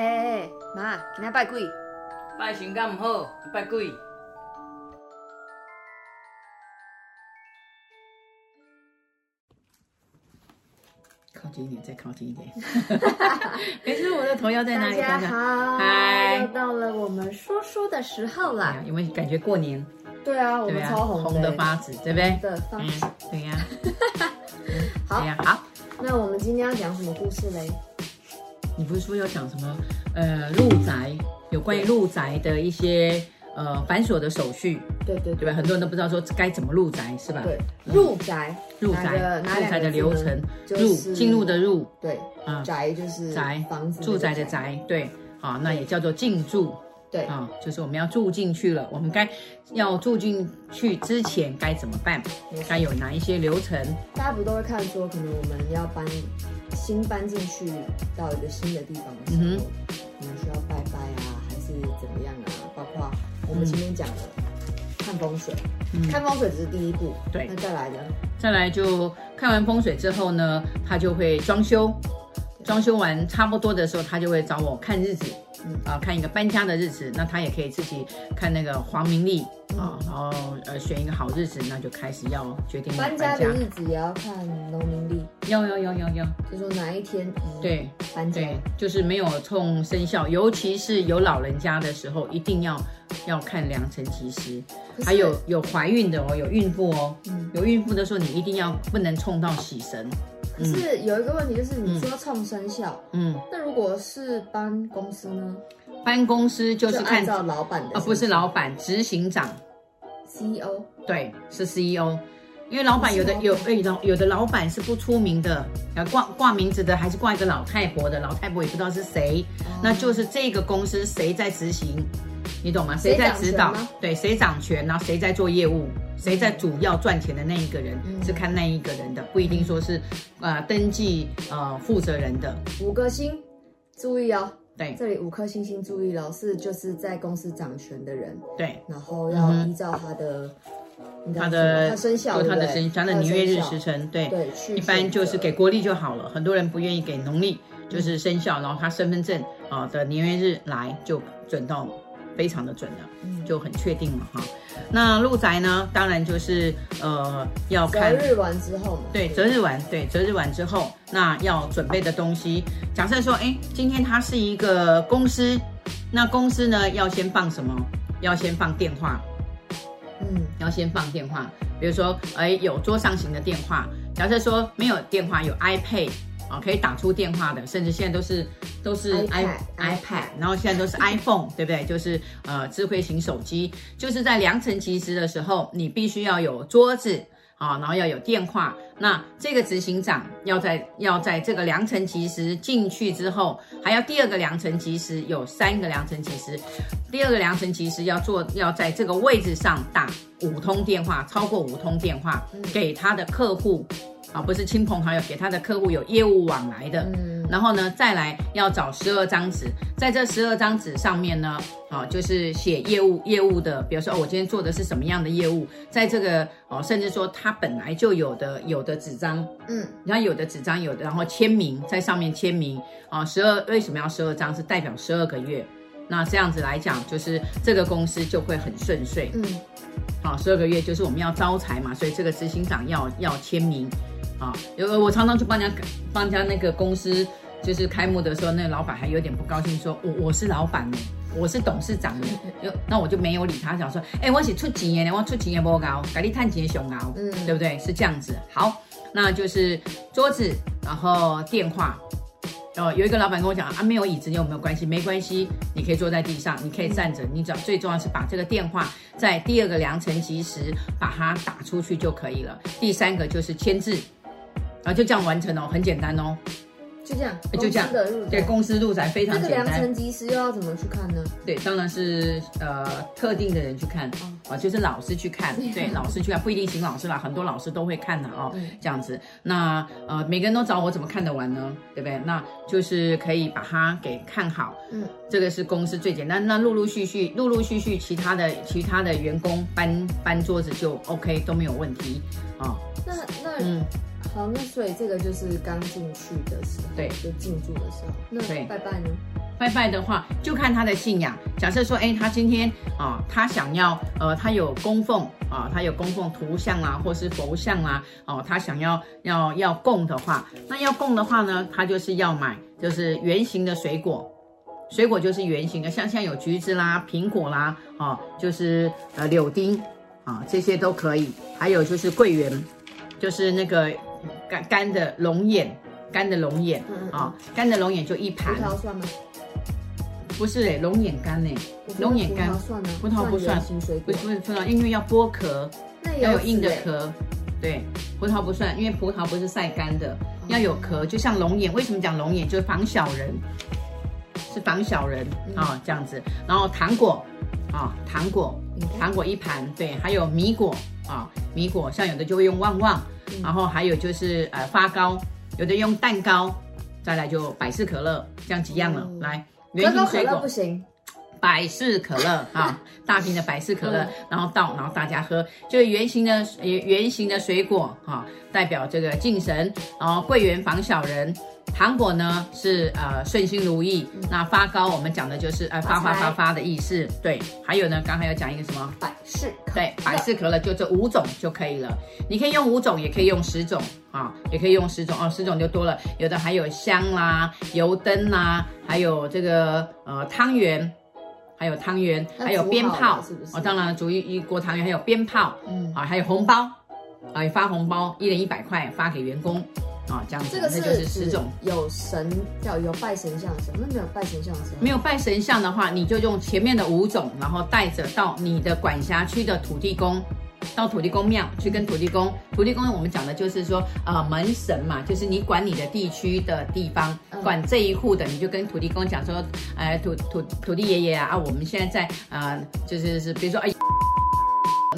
哎媽、欸，今天拜鬼？拜神敢唔好，拜鬼。靠近一點，再靠近一點。可、 欸、是我的頭要在哪裡？大家好，Hi 又到了我們說書的時候了、啊。因為感覺過年？對啊，我們超紅的，紅的發紫、嗯，對不、啊、 好對？嗯對呀。好，好。那我們今天要講什麼故事嘞？你不是說要講什麼？呃，入宅，有關於入宅的一些呃繁瑣的手續，對對對吧？很多人都不知道說該怎麼入宅是吧？對，入宅，入宅的流程，入進入的入，對，宅就是宅房子，住宅的宅，對，好，那也叫做進住，對，啊，就是我們要住進去了，我們該要住進去之前該怎麼辦？該有哪一些流程？大家不都會看說，可能我們要搬。新搬進去到一個新的地方的時候，你們、嗯、哼需要拜拜啊，還是怎麼樣啊？包括我們前面講的、嗯、看風水，嗯、看風水只是第一步，對。那再來呢？再來就看完風水之後呢，他就會裝修。裝修完差不多的時候，他就會找我看日子，啊，看一個搬家的日子。那他也可以自己看那個黃曆、嗯、啊，然後呃選一個好日子，那就開始要決定搬家，搬家的日子也要看農民曆。要要要要要，要要要就說哪一天、嗯、對搬家走對就是沒有沖生肖，尤其是有老人家的時候，一定要要看良辰吉時。是還有有懷孕的哦，有孕婦哦，嗯、有孕婦的時候你一定要不能沖到喜神。是有一個問題，就是你說創生效，嗯，那、嗯、如果是班公司呢？班公司就是看就按照老板的、哦，不是老板，執行長，CEO，對，是 CEO，因為老板有的有，老 CEO 有的老板是不出名的，掛掛名字的，還是掛一個老太婆的，老太婆也不知道是誰，哦、那就是這個公司誰在執行。你懂嗎？誰在指導？對，誰掌權，然後誰在做業務？誰在主要賺錢的那一個人是看那一個人的，不一定說是登記呃負責人的五顆星，注意哦。對，這裡五顆星星注意了，是就是在公司掌權的人。對，然後要依照他的他的生肖，他的生他的年月日時辰，對對，一般就是給國曆就好了。很多人不願意給農曆，就是生肖，然後他身份證啊的年月日來就準到了。非常的準的，就很確定了哈。那入宅呢，當然就是呃要看擇日完之後對，擇日完，對，擇日完之後，那要準備的東西。假設說，誒今天它是一個公司，那公司呢要先放什麼？要先放電話，嗯，要先放電話。比如說，哎，有桌上型的電話。假設說沒有電話，有 iPad。哦，可以打出電話的，甚至現在都是都是 i iPad，, iPad 然後現在都是 iPhone， 對不對？就是呃智慧型手機，就是在良辰吉時的時候，你必須要有桌子啊、哦，然後要有電話。那這個執行長要在要在這個良辰吉時進去之後，還要第二個良辰吉時，有三個良辰吉時，第二個良辰吉時要做要在這個位置上打五通電話，超過五通電話、嗯、給他的客戶。啊，不是親朋好友，給他的客戶有業務往來的，嗯，然後呢，再來要找十二張紙，在這十二張紙上面呢，啊，就是寫業務業務的，比如說，哦，我今天做的是什麼樣的業務，在這個哦，啊，甚至說他本來就有的有的紙張，嗯，你看有的紙張有的，的然後簽名在上面簽名，啊，十二為什麼要十二張？是代表十二個月，那這樣子來講，就是這個公司就會很順遂，嗯，好，啊，十二個月就是我們要招財嘛，所以這個執行長要要簽名。啊，有、哦、我常常去幫人家，幫人家那個公司，就是開幕的時候，那老闆還有點不高興說，說我我是老闆呢，我是董事長呢， 那我就沒有理他，想說，哎、欸，我是出錢的，我出錢也不高，改天探錢也熊高，嗯，對不對？是這樣子，好，那就是桌子，然後電話，哦、有一個老闆跟我講啊，沒有椅子，你有沒有關係？沒關係，你可以坐在地上，你可以站着，嗯、你只要最重要是把這個電話在第二個良辰吉時把它打出去就可以了。第三個就是簽字。啊，就這樣完成哦，很簡單哦，就這樣，就這樣，對，公司入宅非常簡單，那個良辰吉時又要怎麼去看呢？對，當然是呃特定的人去看。哦啊，就是老師去看，對，老師去看，不一定請老師啦， 很多老師都會看的、喔、啊，對這樣子。那呃，每個人都找我，怎麼看得完呢？對不對？那就是可以把它給看好，嗯，這個是公司最簡單。那陸陸續續，陸陸續續，其他的其他的員工搬搬桌子就 OK，都沒有問題啊、喔。那那，嗯，好，那所以這個就是剛進去的時候，對，就進駐的時候，那對，拜拜呢拜拜的話，就看他的信仰。假設說，哎、欸，他今天啊、呃，他想要，呃，他有供奉啊、呃，他有供奉圖像啊，或是佛像啊，哦、呃，他想要要要供的話，那要供的話呢，他就是要買，就是圓形的水果，水果就是圓形的，像像有橘子啦、蘋果啦，呃、就是呃柳丁啊、呃，這些都可以。還有就是桂圓，就是那個乾乾的龍眼，乾的龍眼啊，乾、呃、的龍眼就一盤。不是哎、欸，龍眼乾哎、欸，龍眼乾也，葡萄不算，不是葡萄，因為要剝殼，有要有硬的殼，對，葡萄不算，因為葡萄不是曬乾的，Okay. 要有殼，就像龍眼，為什麼講龍眼就是防小人，是防小人啊、嗯哦，這樣子，然後糖果啊、哦，糖果，Okay. 糖果一盤，對，還有米果啊、哦，米果，像有的就會用旺旺，嗯、然後還有就是呃發糕，有的用蛋糕，再來就百事可樂這樣幾樣了，嗯、來。圓形水果可樂不行，百事可樂啊、 哦，大瓶的百事可樂， 然後倒，然後大家喝，就圓形的圓形的水果啊、哦，代表這個敬神，然後桂圓防小人。糖果呢是呃順心如意，嗯、那發糕我們講的就是呃發發發發的意思，發菜。對。還有呢，剛才要講一個什麼？百事可樂，百事可樂就這五種就可以了。你可以用五種，也可以用十種啊，也可以用十種哦，十種就多了。有的還有香啦、油燈啦、啊，還有這個呃湯圓，還有湯圓，不不還有鞭炮是不是？哦，當然煮一鍋湯圓還有鞭炮，嗯，啊還有紅包，嗯、啊發紅包，一人一百塊發給員工。啊、哦，這樣子，那個就是十種有神，叫有拜神像的神，那沒有拜神像的神，沒有拜神像的話，你就用前面的五種，然後帶着到你的管轄區的土地公，到土地公廟去跟土地公。土地公，我們講的就是說、呃，門神嘛，就是你管你的地區的地方，嗯、管這一戶的，你就跟土地公講說，哎、土土土地爺爺啊，啊，我們現在在啊、呃，就是是，比如說哎。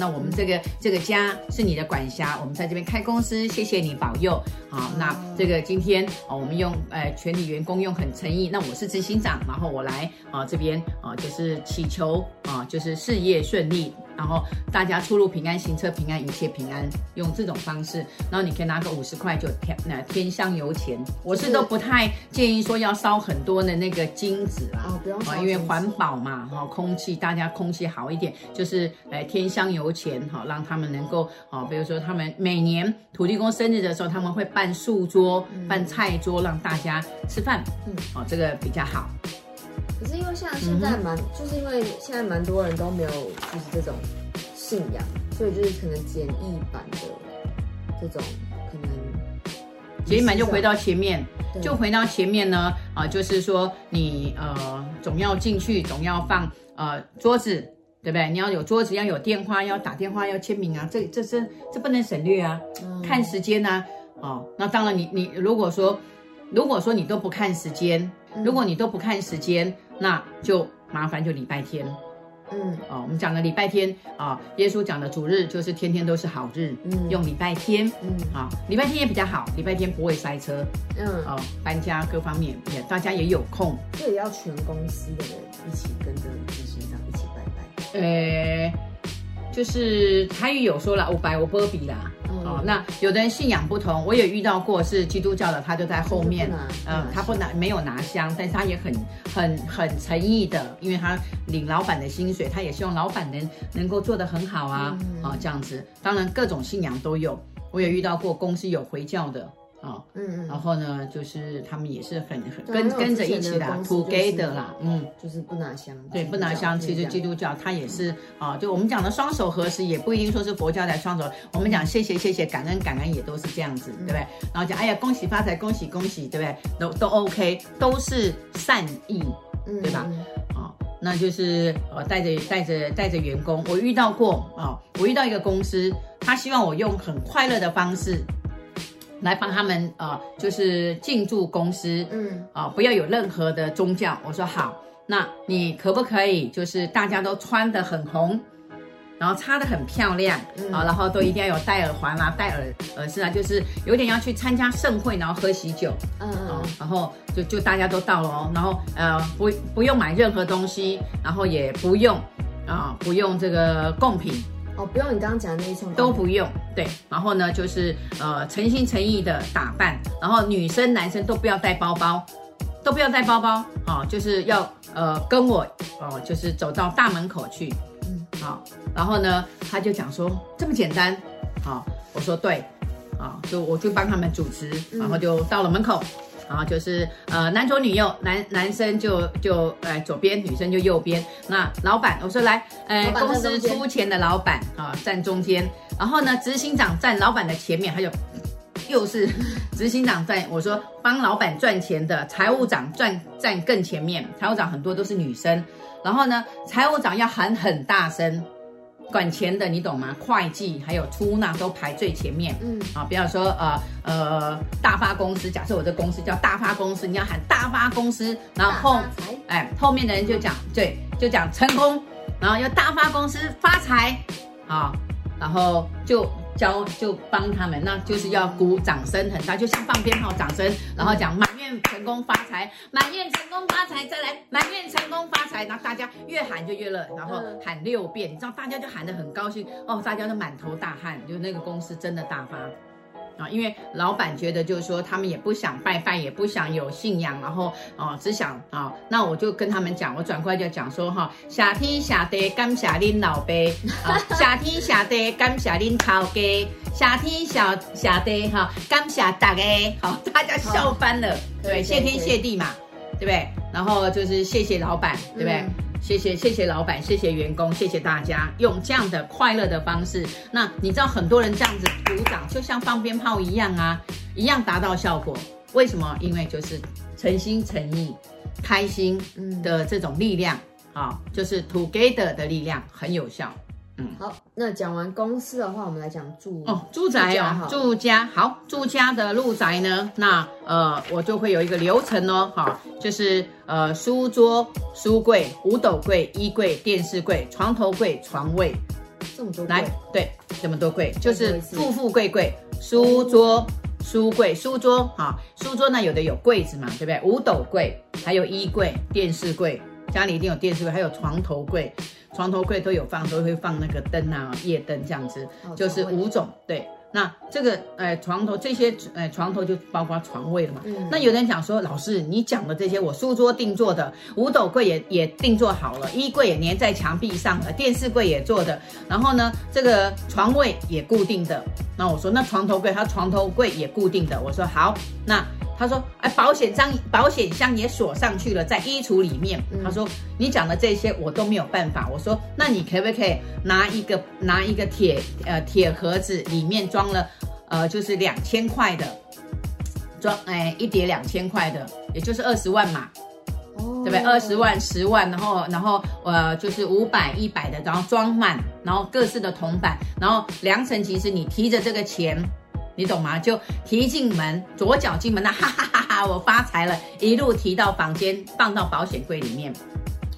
那我們這個這個家是你的管轄，我們在這邊開公司，謝謝你保佑啊！那這個今天啊，我們用呃全體員工用很誠意，那我是執行長，然後我來啊這邊啊就是祈求啊就是事業順利。然後大家出入平安，行車平安，一切平安，用這種方式。然後你可以拿個五十塊就添那添香油錢，我是都不太建議說要燒很多的那個金紙啦啊，哦、不要因為環保嘛，哈、哦，空氣大家空氣好一點，就是添香油錢哈、哦，讓他們能夠、哦、比如說他們每年土地公生日的時候，他們會辦素桌、嗯、辦菜桌，讓大家吃飯，嗯，哦這個比較好。可是因為像現在蠻，嗯、哼就是因為現在蠻多人都沒有就是這種信仰，所以就是可能簡易版的這種可能，簡易版就回到前面，對就回到前面呢啊、呃，就是說你呃總要進去，總要放呃桌子，對不對？你要有桌子，要有電話，要打電話，要簽名啊，這這是這不能省略啊，嗯、看時間吶、啊，哦、呃，那當然你你如果說。如果說你都不看時間，如果你都不看時間，那就麻煩就禮拜天，嗯，哦，我們講的禮拜天啊、哦，耶穌講的主日就是天天都是好日，嗯、用禮拜天，嗯，好、哦，禮拜天也比較好，禮拜天不會塞車，嗯，哦，搬家各方面也大家也有空，這也要全公司的人一起跟着董事長一起拜拜，呃，就是他也有說了我拜我保庇啦。好，那有的人信仰不同，我也遇到過是基督教的，他就在後面，嗯、呃，他不拿沒有拿香，但是他也很很很誠意的，因為他領老板的薪水，他也希望老板能能夠做得很好啊，啊、嗯嗯，這樣子，當然各種信仰都有，我也遇到過公司有回教的。哦，嗯嗯，然後呢，就是他們也是很很跟跟着一起的，together 啦，嗯，就是不拿香，對，不拿香。其實基督教他也是啊，就我們講的雙手合十，也不一定說是佛教的雙手。我們講謝謝謝謝，感恩感恩也都是這樣子，對不對？然後講哎呀恭喜發財，恭喜恭喜，對不對？都都 OK，都是善意，對吧？啊，那就是呃帶着帶着帶着員工，我遇到過啊，我遇到一個公司，他希望我用很快樂的方式。來幫他們啊、呃，就是進駐公司，嗯，啊、呃，不要有任何的宗教。我說好，那你可不可以就是大家都穿得很紅，然後擦得很漂亮，嗯、啊，然後都一定要有戴耳環啦、啊、戴耳耳飾啊，就是有點要去參加盛會，然後喝喜酒，嗯嗯、啊，然後就就大家都到了、哦，然後呃，不不用買任何東西，然後也不用啊，不用這個供品。哦、不用你剛剛講的那一種都不用，對。然後呢，就是呃誠心誠意的打扮，然後女生男生都不要帶包包，都不要帶包包啊、哦，就是要呃跟我哦，就是走到大門口去，嗯，好、哦。然後呢，他就講說這麼簡單，好、哦，我說對，啊、哦，就我就幫他們主持，然後就到了門口。嗯然後就是呃男左女右，男男生就就呃，左邊，女生就右邊。那老板，我說來，呃公司出錢的老板啊，呃，站中間，然後呢執行長站老板的前面，他就又是執行長站。我說幫老板賺錢的財務長站站更前面，財務長很多都是女生，然後呢財務長要喊很大聲。管錢的你懂嗎？會計還有出納都排最前面。嗯啊，比方說呃呃大發公司，假設我的公司叫大發公司，你要喊大發公司，然後哎後面的人就講、嗯、對，就講成功，然後又大發公司發財，啊，然後就。教就幫他們，那就是要鼓掌聲很大，就像放鞭炮掌聲，然後講滿願成功發財，滿願成功發財，再來滿願成功發財，然後大家越喊就越熱，然後喊六遍，你知道大家就喊得很高興哦，大家都滿頭大汗，就那個公司真的大發。啊、哦，因為老闆覺得就是說，他們也不想拜拜，也不想有信仰，然後哦，只想啊、哦，那我就跟他們講，我轉過來就講說哈，哦、謝天謝地、 哦、謝天謝地、謝天謝謝地，感謝您老伯，謝天謝地，感謝您老哥，謝天謝謝地哈，感謝大家，好，大家笑翻了，對，謝天謝地嘛，以對不對？然後就是謝謝老板，嗯、對不對？謝謝謝謝老板，謝謝員工，謝謝大家用這樣的快樂的方式。那你知道很多人這樣子鼓掌，就像放鞭炮一樣啊，一樣達到效果。為什麼？因為就是誠心誠意，開心的這種力量啊，嗯，哦，就是 together 的力量很有效。嗯，好，那講完公司的話，我們來講住哦，住宅啊，住家，好，住家的入宅呢，那呃，我就會有一個流程哦，好，就是呃，書桌、書櫃、五斗櫃、衣櫃、電視櫃、床頭櫃、床位，這麼多，來，對，這麼多櫃，就是富富貴貴，書桌、書櫃、書桌，好，書桌呢有的有櫃子嘛，對不對？五斗櫃，還有衣櫃、電視櫃，家裡一定有電視櫃，還有床頭櫃。床頭櫃都有放，都會放那個燈啊，夜燈這樣子，哦、就是五種。對，那這個、呃、床頭這些、呃、床頭就包括床位了嘛。嗯、那有人講說，老師你講的這些，我書桌定做的，五斗櫃也也定做好了，衣櫃也粘在牆壁上了，電視櫃也做的，然後呢，這個床位也固定的。那我說，那床頭櫃，他床頭櫃也固定的。我說好，那。他說：“哎，保險箱，保險箱也鎖上去了，在衣櫥裡面。嗯”他說：“你講的這些我都沒有辦法。”我說：“那你可以不可以拿一個拿一個鐵呃鐵盒子，裡面裝了呃就是兩千塊的裝哎、欸、一疊兩千塊的，也就是二十萬嘛，哦、對不對？二十萬十萬，然後然後呃就是五百一百的，然後裝滿，然後各式的銅板，然後兩層，其實你提着這個錢。”你懂嗎？就提進門，左腳進門，那哈哈哈哈！我發財了，一路提到房間，放到保險櫃裡面。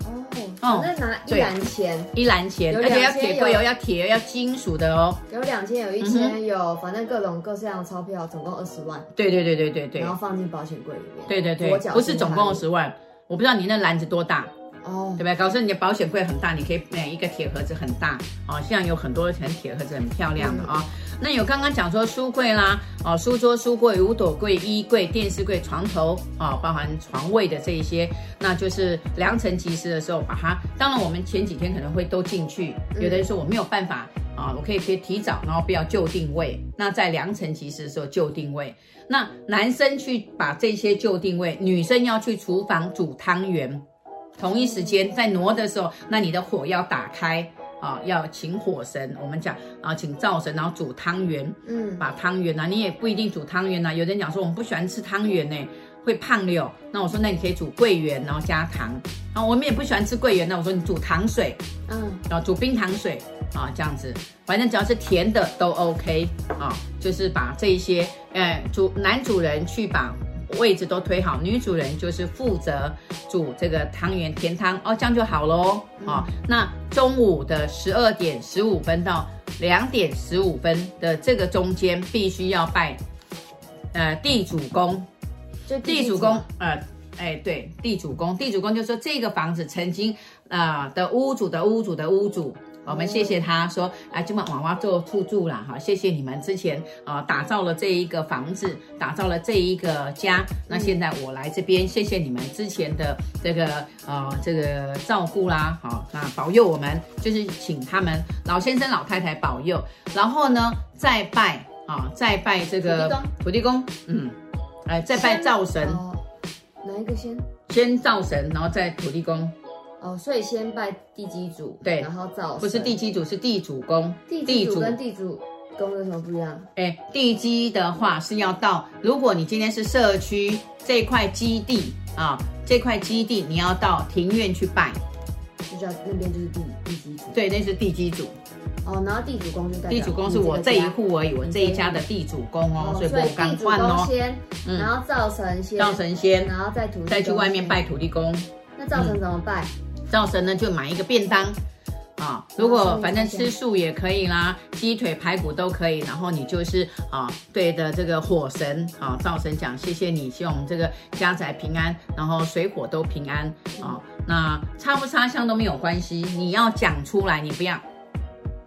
哦，哦，反正拿一籃錢，一籃錢，而且要鐵櫃哦，要鐵，要金屬的哦。有兩千，有一千，有反正各種各式樣的鈔票，總共二十萬。對對對對對對。然後放進保險櫃裡面。對對對，不是總共二十萬，我不知道你那籃子多大。哦，對不對？告訴你的保險櫃很大，你可以買一個鐵盒子很大哦，現在有很多的鐵盒子很漂亮的啊。那有剛剛講說書櫃啦，哦、啊，書桌、書櫃、五斗櫃、櫃、衣櫃、電視櫃、床頭，哦、啊，包含床位的這一些，那就是良辰吉時的時候把它。當然，我們前幾天可能會都進去，有的人說我沒有辦法啊，我可以可以提早，然後不要就定位。那在良辰吉時的時候就定位。那男生去把這些就定位，女生要去廚房煮湯圓，同一時間在挪的時候，那你的火要打開。啊、哦，要請火神，我們講啊，請灶神，然後煮湯圓，嗯，把湯圓吶，你也不一定煮湯圓吶，有人講說我們不喜歡吃湯圓呢，會胖的哦，那我說，那你可以煮桂圓，然後加糖，然、啊、我們也不喜歡吃桂圓，那我說你煮糖水，嗯，然後煮冰糖水啊，這樣子，反正只要是甜的都 OK 啊，就是把這一些，哎、呃，主男主人去把。位置都推好，女主人就是負責煮這個湯圓甜湯哦，這樣就好嘍。好、嗯哦，那中午的十二點十五分到兩點十五分的這個中間，必須要拜呃地主公。這地主公，呃，哎、呃，對，地主公，地主公就是說這個房子曾經啊的屋主的屋主的屋主。我們謝謝他說啊，今晚娃娃做入厝了哈，謝謝你們之前啊、呃、打造了這一個房子，打造了這一個家。那現在我來這邊，謝謝你們之前的這個啊、呃、這個照顧啦，好、哦，那保佑我們，就是請他們老先生老太太保佑，然後呢再拜啊、呃、再拜這個土地公，嗯，哎再拜灶神、哦，哪一個先？先灶神，然後再土地公。哦，所以先拜地基主，對，然後灶神。不是地基主，是地主公。地地主跟地主公有什麼不一樣？哎，地基的話是要到，如果你今天是社區這塊基地啊，這塊基地你要到庭院去拜，就叫那邊就是地地基主。對，那是地基主。哦，然後地主公就代表地主公是我這一戶而已，我這一家的地主公哦，所以我地主公先，然後灶神先，灶神先，然後再土再去外面拜土地公。那灶神怎麼拜？灶神呢，就買一個便當，啊，如果反正吃素也可以啦，雞、哦、腿排骨都可以。然後你就是啊，對着這個火神啊，灶神講，謝謝你，希望我們這個家宅平安，然後水火都平安啊。那插不插香都沒有關係，你要講出來，你不要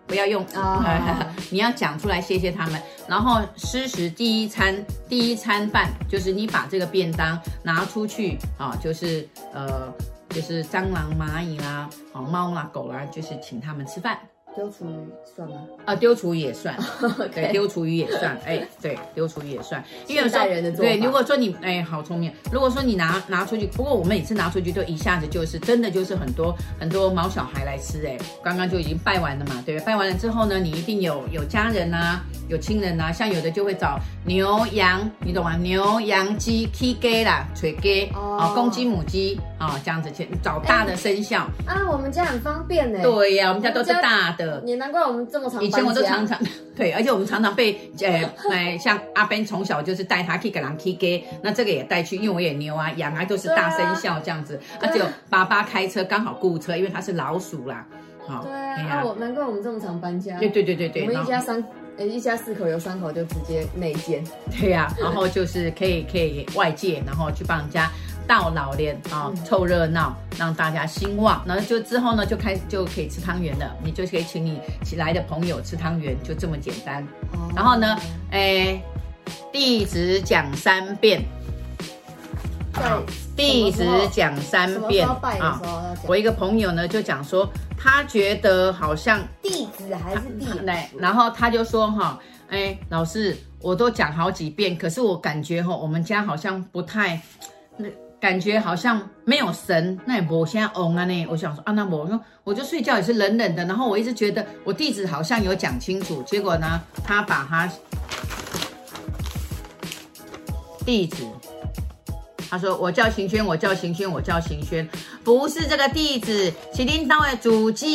不要用啊、哦，你要講出來，謝謝他們。然後施食第一餐，第一餐飯就是你把這個便當拿出去啊，就是呃。就是蟑螂、螞蟻啦、啊，哦，貓啦、啊、狗啦、啊啊，就是請他們吃飯。丟廚餘算嗎？啊，丟廚餘也算，oh, okay. 對，丟廚餘也算，哎，對，丟廚餘也算。因為有說人候，對，如果說你，哎，好聰明。如果說你拿拿出去，不過我們每次拿出去都一下子就是真的就是很多很多毛小孩來吃，哎，剛剛就已經拜完了嘛，對，拜完了之後呢，你一定有有家人吶、啊，有親人吶、啊，像有的就會找牛羊，你懂嗎、啊？牛羊雞、雞啦、水雞，oh. 哦，公雞、母雞。啊，這樣子去找大的生肖啊，我們家很方便呢。對呀，我們家都是大的，也難怪我們這麼長。以前我都常常對，而且我們常常被呃，來像阿 b e 從小就是帶他去給人 K 歌，那這個也帶去，因為我也牛啊，養啊都是大生肖這樣子。而且爸爸開車剛好顧車，因為他是老鼠啦。好，對啊，我難怪我們這麼常搬家。對對對對對，我們一家三，一家四口有三口就直接內建。對呀，然後就是可以可以外借，然後去幫人家。到老年啊，湊熱鬧，讓大家興旺，然後就之後呢，就開始就可以吃湯圓了。你就可以請你起來的朋友吃湯圓，就這麼簡單。嗯、然後呢，哎、欸，地址講三遍，拜。地址講三遍啊、哦。我一個朋友呢，就講說，他覺得好像地址還是地址、啊。然後他就說哈、哦，哎、欸，老師，我都講好幾遍，可是我感覺哈、哦，我們家好像不太那。感覺好像沒有神，那也不像啊呢。我想說啊，那我，我就睡覺也是冷冷的。然後我一直覺得我弟子好像有講清楚，結果呢，他把他弟子，他說我叫邢軒，我叫邢軒，我叫邢軒，不是這個弟子。請聽三位住址，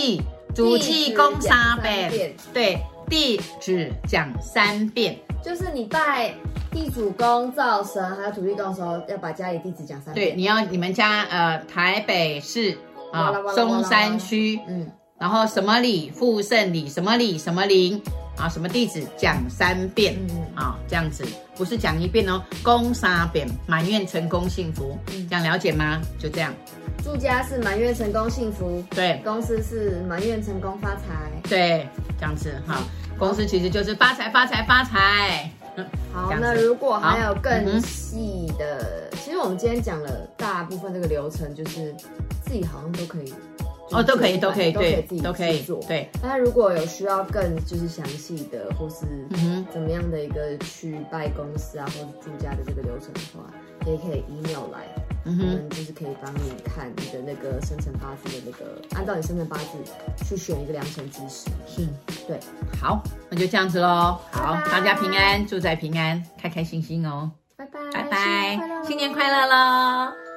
住址公三遍，對，弟子講三遍，就是你在地主公、灶神還有土地公的時候，要把家裡地址講三遍。對，你要你們家呃，台北市啊，哦、哇啦哇啦中山區，嗯，然後什麼里、富盛里、什麼里、什麼鄰啊，什麼地址講三遍，嗯啊、哦，這樣子不是講一遍哦，講三遍，滿願成功幸福，嗯、這樣了解嗎？就這樣，住家是滿願成功幸福，對，公司是滿願成功發財，對，這樣子哈，哦嗯、公司其實就是發財發財發財。嗯、好，那如果還有更細的，嗯、其實我們今天講了大部分這個流程，就是自己好像都可以，就是、哦，都可以，都可以，都可以自己，自己都可以做，對。大家如果有需要更就是詳細的，或是怎麼樣的一個去拜公司啊，或者住家的這個流程的話，也可以 email 來。嗯哼，就是可以幫你看你的那個生辰八字的那個，按照你生辰八字去選一個良辰吉時。是、嗯，對，好，那就這樣子嘍。好，拜拜大家平安，住在平安，開開心心哦。拜拜，拜拜，新年快樂嘍！